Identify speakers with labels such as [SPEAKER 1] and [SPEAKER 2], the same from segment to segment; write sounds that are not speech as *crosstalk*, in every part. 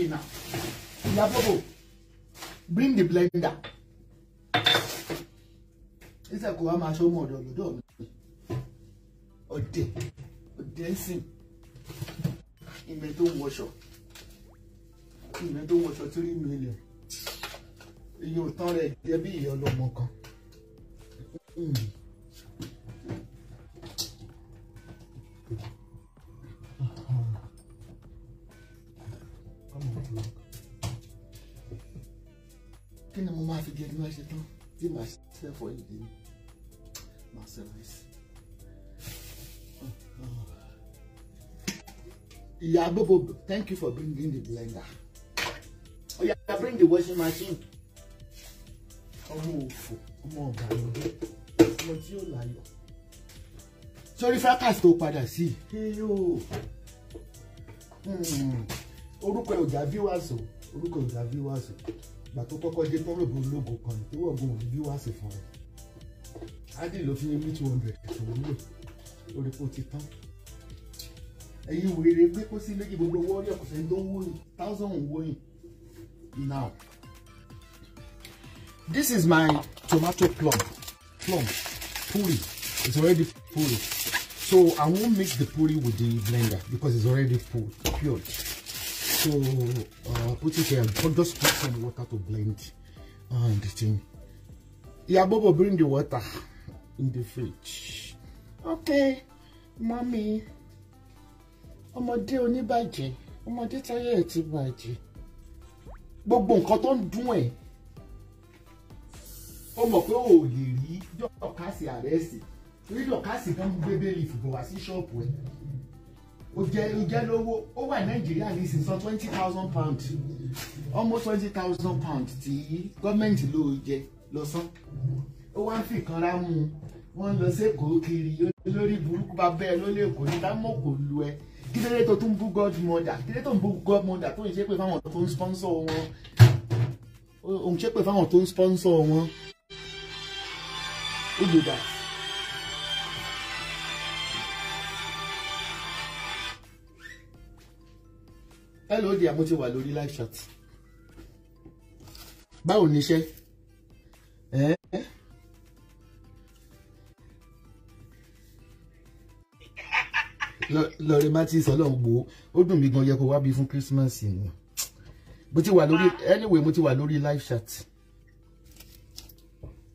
[SPEAKER 1] Okay, now. Yapobo, bring the blender. It's a Kuama show more than you don't. Ode, day. Or dancing. washo. the don't washo up. In the don't three million. You're tired, there be your no more. Mm. tí myself or fọ ìdí mi màá ṣe ráìsì. thank you for bringing the blender. Oh, yá yeah, bring the washing machine. ọmọ òfò ọmọ ọ̀gàlódé ọmọ tí yóò láyọ̀. Sorry fracas tó padà sí i. Hmm, orúkọ ọjà viewers o orúkọ ọjà viewers o ìgbà tó kọ́kọ́ dé pọ́nrọ́bù ológo kan ní torí ọ̀gbọ́n òní bí wàá sì fún ọ ádì ló fi ní two hundred tó ń lò lórí kó ti tán ẹ̀yin wèrè gbé kó sí méjì gbogbo owó ọ̀rẹ́ ọ̀kọ̀sẹ̀ tó ń wóyìn thousand wóyìn now this is my tomato plum plum puri it's already puri so I won't mix the puri with the blender because it's already puri pure so uh, put it here but just put some water to blend and uh, the thing yeah Bobo bring the water in the fridge okay mommy ọmọdé oníbàjẹ́ ọmọdé táyé ẹ̀ ti bàjẹ́ gbogbo nǹkan tó ń dún ẹ̀ ó mọ̀ pé ò lè rí dọ́kásì àrẹ́sì rí dọ́kásì tó ń gbé bẹ́ẹ̀lì fìbọn wá o jẹ o jẹ lówó ó wà nàìjíríà ní ìsìn san twenty thousand pound almost twenty thousand pound tí gọ́ọ̀mẹ̀ntì ló jẹ lọ san ó wá ń fi ìkanra mu wọ́n lọ sẹ́kọ̀ọ́ kiri lórí burúkú bá bẹ́ẹ̀ ló lè kó ní dámọ̀ kò lu ẹ kí lóde tó tún bú godmother kí lóde tó ń bú godmother tó ń ṣépè fáwọn tó ń sponsor wọn òun ṣépè fáwọn tó ń sponsor wọn hello dear mo ti wà lórí live chat báwo ni iṣẹ́ ẹ. lọrẹ martins Ọlọ́run gbòó ó dùn mí gan yẹ kó wá bí fún Christmas ni mo ti wà lórí anyway mo ti wà lórí live chat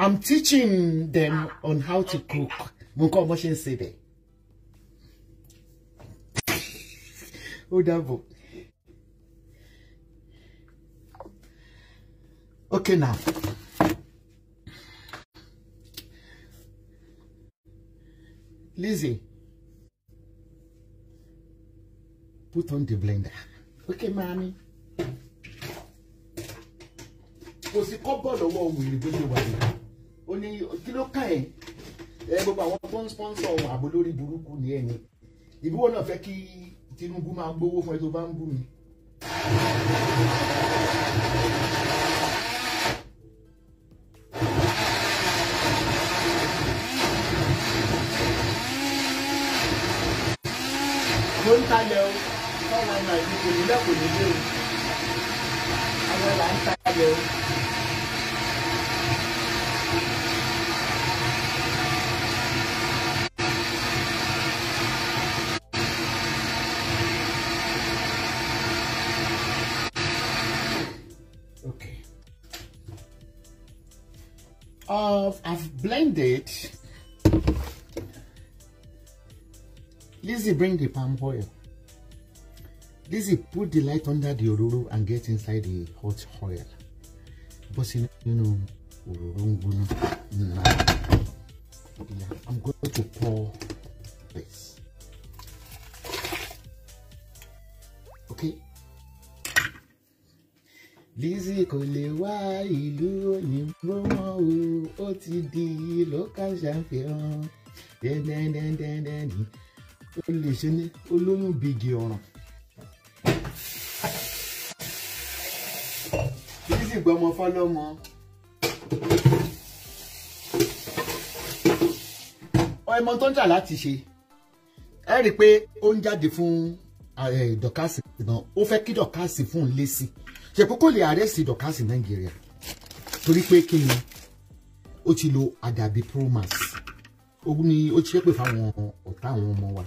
[SPEAKER 1] i'm teaching them on how to cook mo ń kọ́ ọmọ ṣe ń ṣe bẹ̀ Okay now. Lizzie. Put on the blender. Okay, mommy. Kò sí kọ́bọ̀ lọ́wọ́ wèrè tó ṣe wà ní. O ní kí ló kàn ẹ́? sponsor àbò buruku burúkú ni ẹni. Ìbúwò náà fẹ́ kí Tinubu máa gbowó fún ẹ tó bá ń lálẹ́ o fọ́nà nàìjíríà kò ní lẹ́kọ̀ọ́ nílé o àwọn là ń ta lálẹ́ o. of I've blended. Lizzie, bring the palm oil. This is put the light under the ororo and get inside the hot oil. But you know, ororo gonna, yeah, I'm going to pour this. Okay. Lizzy kò lè wá ìlú òyìnbó mọ́ o, ó ti di local champion. Dẹ́ndẹ́ndẹ́ndẹ́ndẹ́ni, ó lè ṣe ní olóyún bìgì ọ̀ràn. sì gbọ́mọ fọ́lọ́mọ. ọmọ tó ń jà láti ṣe ẹ rí i pé ó ń jáde fún dọ̀kásì náà ó fẹ́ kí dọ̀kásì fún un lé sí i ṣe kókó lè àrẹ́sì dọ̀kásì nàìjíríà torí pé kí ni ó ti lo àdàbí promax ó ní ó ti ṣépè fáwọn ọ̀tá àwọn ọmọ wa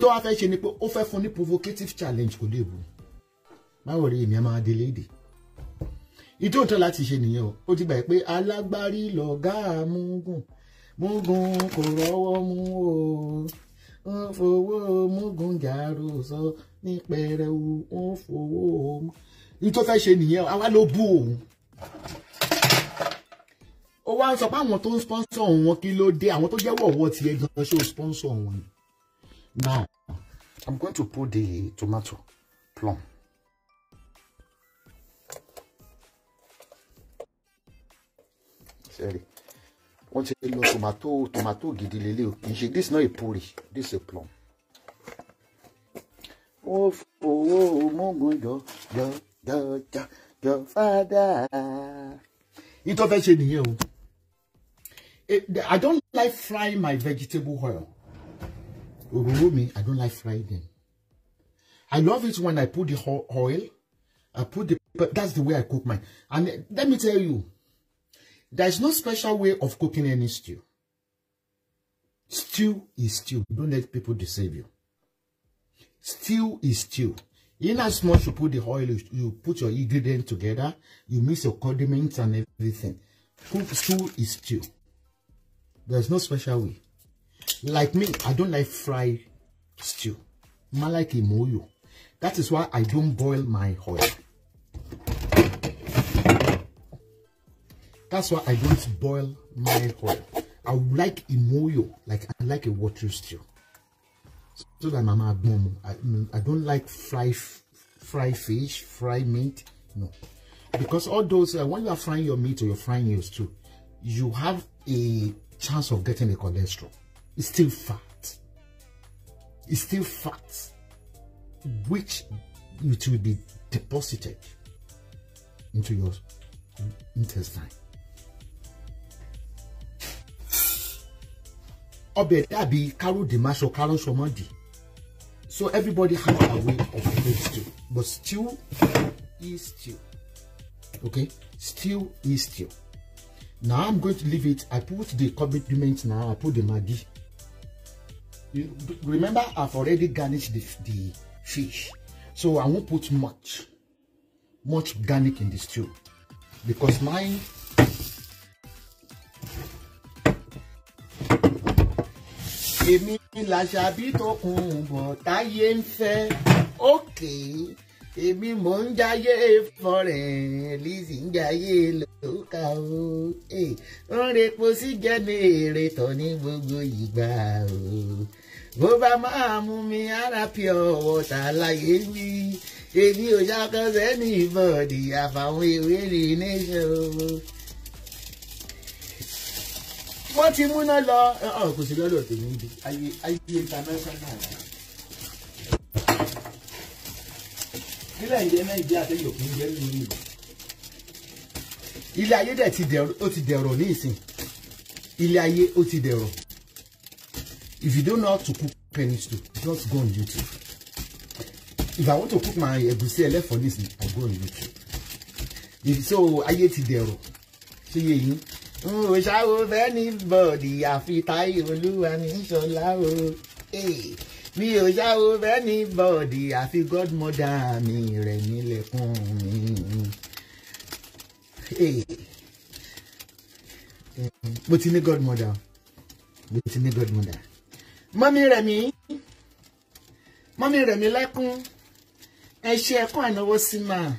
[SPEAKER 1] tó wá fẹ́ ṣe ni pé ó fẹ́ fún ní provocative challenge kò léèbù báwo rí èmi ẹ máa délé èdè ìtò ń tán láti ṣe nìyẹn o ó ti gbà pé alágbárí lọ̀gá múgùn múgùn kò rọ́wọ́ mú o ń fowó múgùn jàrú sọ ní pẹrẹwu ń fowó mú ìtò fẹ́ ṣe nìyẹn o àwa ló bú òun ó wá ń sọ pé àwọn tó ń sponsor wọn kí ló dé àwọn tó jẹ́wọ́ ọ̀wọ́ tiẹ̀ gan-an ṣó sponsor wọn now I'm going to put the tomato plum. ṣẹ́rí wọ́n ti lo tomato tomato gidi lélẹ́ o kì í ṣe this not a puri this a plum. ó fowó mógùn jọ jọ jọ jọ jọ fada. yìí tó fẹ́ ṣe nìyẹn o eh, I don't like frying my vegetable oil òróró mi I don't like frying them I love it when I put the oil I put the pepper that's the way I cook mine and eh, let me tell you There is no special way of cooking any stew. Stew is stew. Don't let people deceive you. Stew is stew. In as much you put the oil, you put your ingredient together, you mix your condiments and everything. stew is stew. There's no special way. Like me, I don't like fried stew. I like imoyo. That is why I don't boil my oil. That's why I don't boil my oil. I would like moyo, like I like a watery stew. So that mama I, I don't like fry, fry fish, fry meat, no. Because all those, uh, when you are frying your meat or you're frying your stew, you have a chance of getting a cholesterol. It's still fat. It's still fat, which it will be deposited into your intestine. ọbẹ̀ dàbí káròdì máṣọ káránṣọ mọ́dì so everybody has their way of making stew but stew is stew okay stew is stew now i'm going to leave it i put the condiment now i put the maggi remember i've already garnished the, the fish so i won't put much much garlic in the stew because mine èmi làṣàbí tó kùn bọ̀ táyé ń fẹ́ òkè èmi mò ń jayé fọrẹ̀ Lizzy ń jayé lóka o ń repo sí jẹ́ni èrè tọ̀ ní gbogbo ìgbà o bó bá máa mú mi ara pure water láyé mi èmi ò ṣàkọsẹ́ ní ìbọ̀dì àfàwọn ìwé rìnẹ́ṣọ̀ o wọ́n ti múná lọ kò sí lọ́dọ̀ tèmi ń bi ayé ayé international. nílẹ̀ ìjẹ́ náà ìjẹ́ àtẹ́yọ̀ kì í jẹ́ lórí rẹ̀. ilé ayé dẹ̀ ti dẹ̀rọ̀ ní ìsìn ilé ayé ó ti dẹ̀rọ̀ if you don't know how to cook penny stew just go on YouTube if I want to cook my egusi ẹlẹ́fọ̀ọ́ nísìn I go on YouTube if so ayé ti dẹ̀rọ̀ ṣé yẹ yín n ò ṣàwò fẹ́nìbọ̀dì àfi Táyé Olúwaníṣọlá o mi ò ṣàwò fẹ́nìbọ̀dì àfi godmother mi rẹ̀ nílẹ̀kùn mi. mo ti ní godmother mo ti ní godmother mọ́mí rẹ̀ mi mọ́mí rẹ̀ mi lẹ́kún ẹ ṣe ẹ̀kọ́ ànáwó sí máa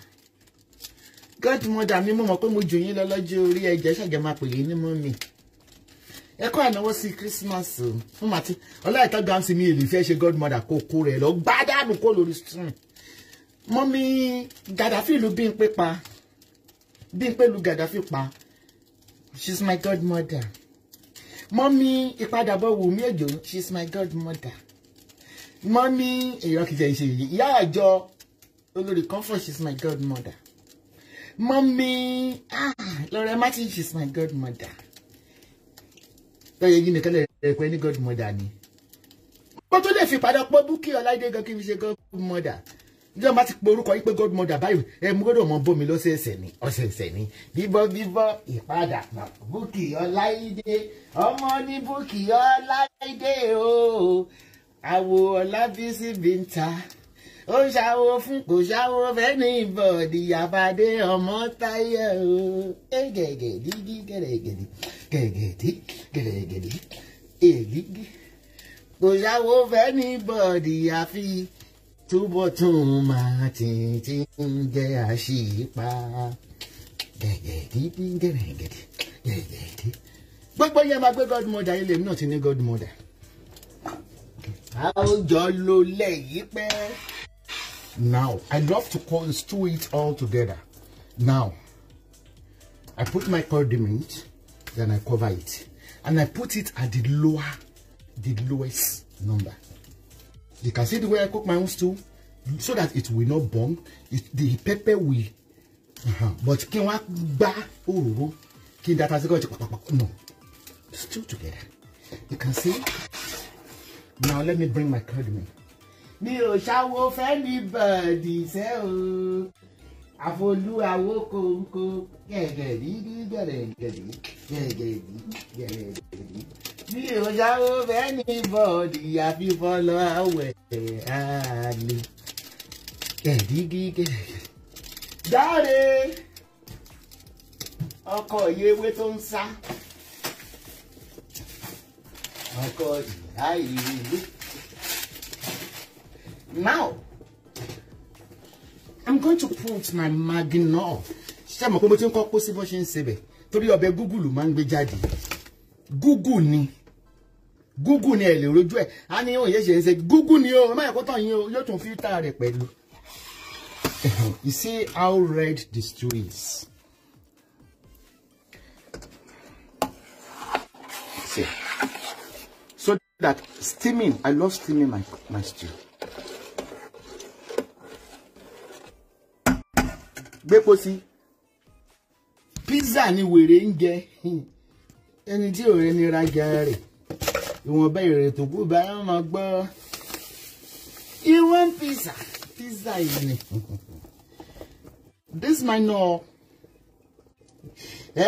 [SPEAKER 1] godmother mi mo mọ̀ pé mo jù yín lọ lọ́jọ́ orí ẹ̀jẹ̀ ṣàjẹ́ máa pè é ní mọ́mì ẹ kọ́ ànáwó sí Christmas o fún màtí ọláìtọ́ gáàsì mi èlì fẹ́ ṣe godmother kó kó rẹ̀ lọ gbádàánù kó lórí stream mọ́mí Gaddafi lu Bímpé pa Bímpé lu Gaddafi pa she's my godmother mọ́mí ìpadàbọ̀ Wùmí Òjó she's my godmother mọ́mí èèyàn kìí ṣe ìyá àjọ olórí comfort she's my godmother Mommy. Ah, Laura Martin, she's my godmother. Tọ́yẹ yìí nìkan lè rẹ̀ pé ní godmother ni. Kó tó lè fi padà pọ́ Búkì Ọláìdé gan kí n fi ṣe godmother. Ìjọba bá ti pe orúkọ yìí pé godmother báyìí ẹ mú gbọ́dọ̀ mọ bómi lọ́sẹ̀ẹ̀sẹ̀ ni ọ̀sẹ̀ẹ̀sẹ̀ ni. Bíbọ́ bíbọ́ ìpadà mọ̀ Búkì Ọláìdé ọmọ ní Búkì Ọláìdé o. Àwo Ọlábísí Bíntà ó ń ṣàwo fún kò ṣàwo fẹ́ni ìbọ̀dì àbádé ọmọ táyà o gẹ̀gẹ̀dì gẹ̀rẹ̀gẹ̀dì gẹ̀gẹ̀dì gẹ̀rẹ̀gẹ̀dì ègígí kò ṣàwo fẹ́ni ìbọ̀dì àfi túbọ̀ tún máa tìǹtì ń jẹ́ àṣìpa gẹ̀gẹ̀dì gẹ̀rẹ̀gẹ̀dì gẹ̀gẹ̀dì. gbogbo yẹn máa gbé godmother ilé mi náà ti ní godmother. a ó jọ lo lẹ́yìn pẹ́. Now, I love to call stew it all together. Now, I put my condiment, then I cover it. And I put it at the lower, the lowest number. You can see the way I cook my own stew, so that it will not burn. It, the pepper will, uh -huh. but kí wá gbá Can that has got no, stew together. You can see. Now let me bring my condiment mi ò ṣàwo fẹ́ni bọ̀dì ṣẹ́ o àfolúwawo kòńkò gẹ̀gẹ̀dí gẹ̀rẹ̀gẹ̀dí gẹ̀gẹ̀dí gẹ̀rẹ̀gẹ̀dí mi ò ṣàwo fẹ́ni bọ̀dì àfihànlọ́ àwẹ̀ àlè gẹ̀dígí gẹ̀rẹ̀gẹ̀dí. dáre ọkọ̀ yìí ewé tó ń sá ọkọ̀ ìyá ìlú now i'm going to put my maginol ṣe mọ̀ pé mo ti ń kọ́ kó sí bó ṣe ń sebẹ̀ torí ọbẹ̀ google máa ń gbé jáde google ni google ni ẹ̀ lè rojú ẹ̀ á ní òun ṣe ń ṣe google ni o ẹ má yẹ kó tàn yín o yóò tún fi rẹ̀ pẹ̀lú. *laughs* you see how red the stew is. See. So that steaming, I love steaming my, my stew. gbépo sí pizza ni wèrè ń jẹ ẹni tí òun ẹni rajà rẹ̀ ìwọ̀nba èrè tó kú bá yẹn máa gbọ́ you want pizza pizza yìí ni this my no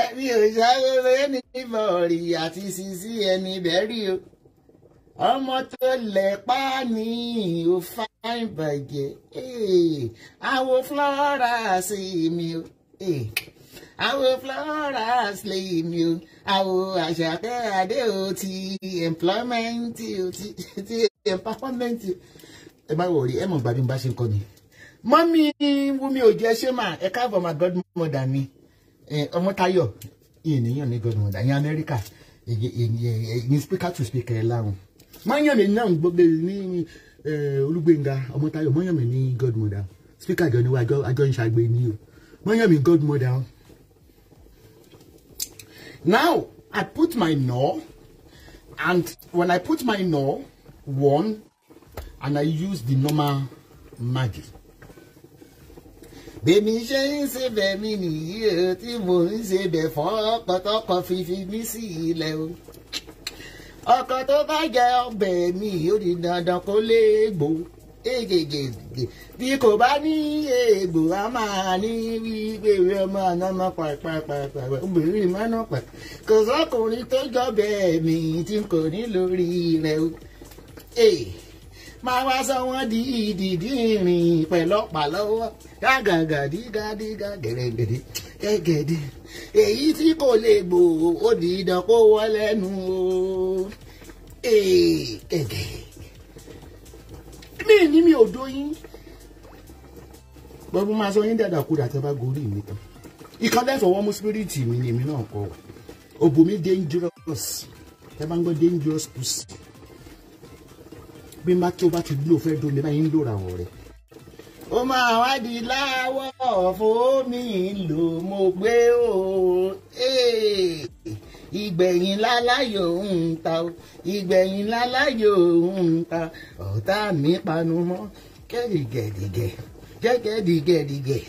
[SPEAKER 1] ẹni òṣàlẹ̀ ẹni ìbọ̀rì àti sisi ẹni bẹ́ẹ̀ rí o ọmọ tó lẹ̀ pa ni ò fa àìbàjẹ́ àwo florals mi o àwo florals lè mi o àwo àṣàkẹ́ adé o ti employment o ti ti empowerment ẹ má wọrí ẹ mọ̀ gbàdúrà bá ṣe ń kọ́ ni. mọ́mí Wumi ò jẹ́ ṣé máa ẹ káàbọ̀ máa godmother mi ọmọ Táyọ̀ ènìyàn ní godmother ní Amẹ́ríkà ní speaker to speaker ẹ̀ láwọn. máyàn mi náà gbogbo ní Eh, Olúgbénga Ọmọ́táyọ̀ mọ́yànmí ní godmother speaker gan ni wá àjọ ń ṣàgbé ní o mọ́yànmí godmother now I put my knorr and when I put my knorr one and I use the normal magic bẹ́mi ṣe ń ṣe bẹ́mi nìyí tí mò ń ṣe bẹ̀ fọ́ pọ́tọ́kọ́ fífi mí sí ilẹ̀ o ọkọ tó bá jẹ ọbẹ̀ mi ò di dandan kó lè gbò égegègè bí kò bá ní ègbò a máa ní wípé ìwé ọmọ àná máa pàpàpàpà obìnrin máa ná pàpà kò sọkùnrin tó jọbẹ mi tí kò ní lórí rẹ o máa wá sọ wọn di ìdìdí ìrìn pẹ̀lọ́pàá lọ́wọ́ gágàgà dígádígá gẹ̀rẹ́gẹ̀rẹ́. Egede, èyí tí kò lè gbò ó di idán kó wọ́ lẹ́nu o ẹ̀gẹ̀ mí ní mi ò bọ́bú máa sọ yín dàdà kúrò àtẹ́bá gorí mi tán ìkànnì mú spiriti mi ni èmi náà kọ́ òbò mi dangerous ẹ bá ń gbọ́ dangerous pussy bí n bá bá ti fẹ́ báyìí ó máa wá di láwọ̀ fómi lò mo gbé o ìgbẹ̀yìn láláyò ń ta o ìgbẹ̀yìn láláyò ń ọ̀tá mi panu mọ́ kẹ́dìgẹ̀dìgẹ̀ jẹ́gẹ́dìgẹ̀dìgẹ̀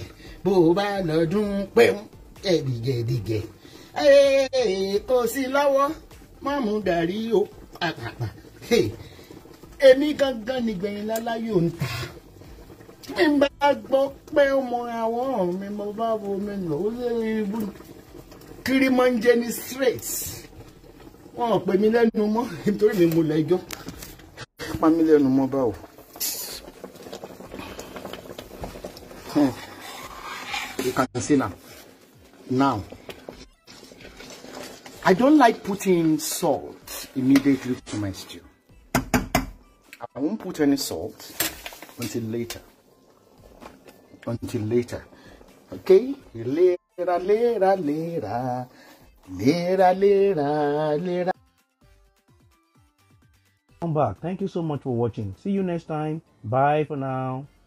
[SPEAKER 1] bó o bá lọ́dún pẹ́ẹ́n kẹ́dìgẹ̀dìgẹ̀ kò sí lọ́wọ́ mọ́mú dàrí o pàpàpà èmi gangan nìgbẹ̀yìn láláyò ń ta bí bá gbọ́ pé mo ra wọ́n mi mo bá wo mi nù ó lè rí kiri máa ń jẹ ní straight wọn ò pè mí lẹ́nu mọ́ *laughs* nítorí mi mo lẹ́jọ́ pa mí lẹ́nu mọ́ báwo. Hmm. You can see now. Now, I don't like putting salt immediately to my stew. I won't put any salt until later. until later. Okay? Later, later, later. Later, later, later. Come back. Thank you so much for watching. See you next time. Bye for now.